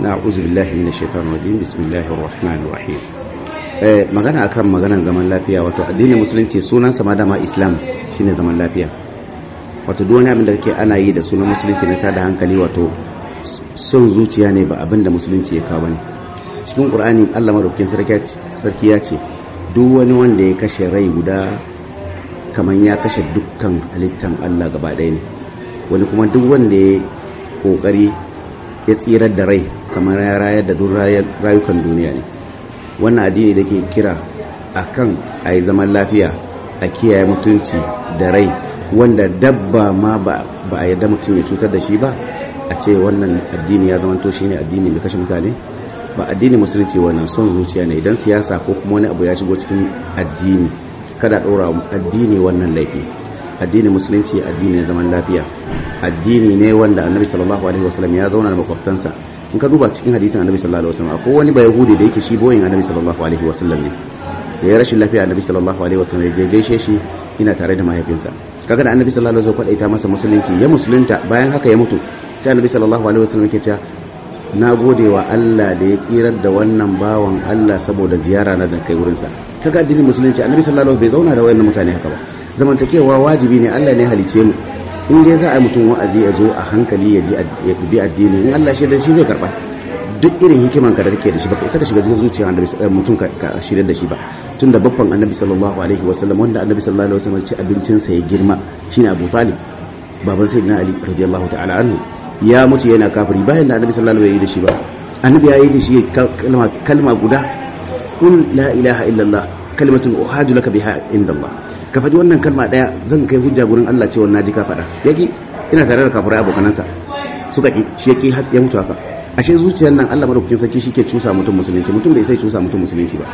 na'uzu billahi minash shaitanir rajim bismillahir rahmanir rahim eh magana akan maganar zaman lafiya wato addinin musulunci sunan sa dama islam shine zaman lafiya wato duk abin da kake ana yi da sunan musulunci na tada hankali wato son zuciya ne ba abin da musulunci ya kawo ne cikin qur'ani Allah madaukakin sarki ya ce duk wani wanda ya kashe rai guda kamar ya kashe dukkan halittan Allah gaba ɗaya ne wani kuma duk wanda ya kokari ya tsirar da rai kamar ya rayar da duk rayukan duniya ne wannan addini da ke kira a kan a yi zaman lafiya a kiyaye mutunci da rai wanda dabba ma ba a yarda mutum ya cutar da shi ba a ce wannan addini ya zama to ne addini mai kashe mutane ba addini musulunci wannan son zuciya ne idan siyasa ko kuma wani abu ya shigo cikin addini kada ɗora addini wannan laifi addinin musulunci addini ne zaman lafiya addini ne wanda annabi sallallahu alaihi wasallam ya zauna da makwabtansa in ka duba cikin hadisin annabi sallallahu alaihi wasallam akwai wani bayahudi da yake shi boyin annabi sallallahu alaihi wasallam ne da ya rashin lafiya annabi sallallahu alaihi wasallam ya gaishe shi ina tare da mahaifinsa kaga da annabi sallallahu alaihi wasallam kwadaita masa musulunci ya musulunta bayan haka ya mutu sai annabi sallallahu alaihi wasallam yake cewa na gode wa Allah da ya tsirar da wannan bawan Allah saboda ziyara na da kai wurinsa kaga addinin musulunci annabi sallallahu alaihi wasallam bai zauna da wayannan mutane haka ba zamantakewa wajibi ne Allah ne halice mu in dai za a yi mutum wa'azi ya zo a hankali ya ji ya bi addini in Allah shi da shi zai karba duk irin hikiman ka da kake da shi baka isa ka shiga zuciya annabi eh, mutum ka shirya da shi ba tunda babban annabi sallallahu alaihi wasallam wanda annabi sallallahu alaihi wasallam ce abincin sa ya girma shine Abu Talib baban sayyidina Ali radiyallahu ta'ala anhu ya mutu yana kafiri bayan da annabi sallallahu alaihi wasallam ya yi da shi ba annabi ya yi da shi kalma kalma guda kun la ilaha illallah kalimatun uhadu laka biha inda Allah ka faɗi wannan kalma daya zan kai hujja gurin Allah cewa na ji ka faɗa yaki ina tare da kafirai abokanansa suka ki shi har ya mutu haka ashe zuciyar nan Allah madaukakin sarki shike cusa mutum musulunci mutum bai sai cusa mutum musulunci ba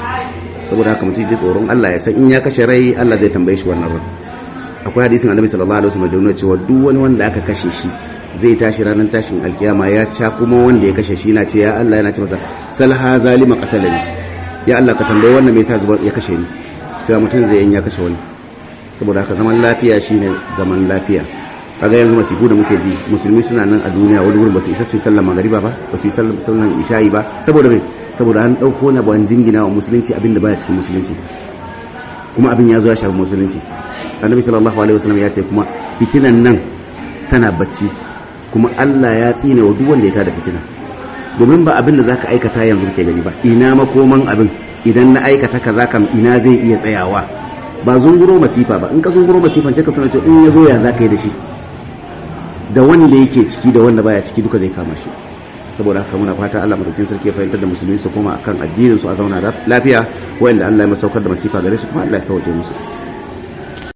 saboda haka mutum ji tsoron Allah ya san in ya kashe rai Allah zai tambaye shi wannan ran akwai hadisin Annabi sallallahu alaihi wasallam da cewa duk wani wanda aka kashe shi zai tashi ranar tashin alkiyama ya ca kuma wanda ya kashe shi na ce ya Allah yana ce masa salha zalima qatalani ya Allah ka tambayi wannan me yasa ya kashe ni cewa mutum zai yin ya kashe wani saboda haka zaman lafiya shine zaman lafiya kaga yanzu masifu da muke ji musulmi suna nan a duniya wani wurin ba su isa su yi sallar magariba ba ba su yi sallar isha'i ba saboda me saboda an dauko na ban jingina wa musulunci abin da baya cikin musulunci kuma abin ya zo ya shafi musulunci annabi sallallahu alaihi wasallam ya ce kuma fitinan nan tana bacci kuma Allah ya tsine wa duk wanda ya tada fitina domin ba abin da za ka aikata yanzu ke gani ba ina makoman abin idan na aikata ka zaka ina zai iya tsayawa ba zunguro masifa ba in ka zunguro masifan sai ka tuna to in ya zo ya za ka yi da shi da wanda yake ciki da wanda baya ciki duka zai kama shi saboda haka muna fata Allah madaukakin sarki ya fahimtar da musulmi su koma akan addinin su a zauna lafiya wa'anda Allah ya masaukar da masifa gare su kuma Allah ya sauke musu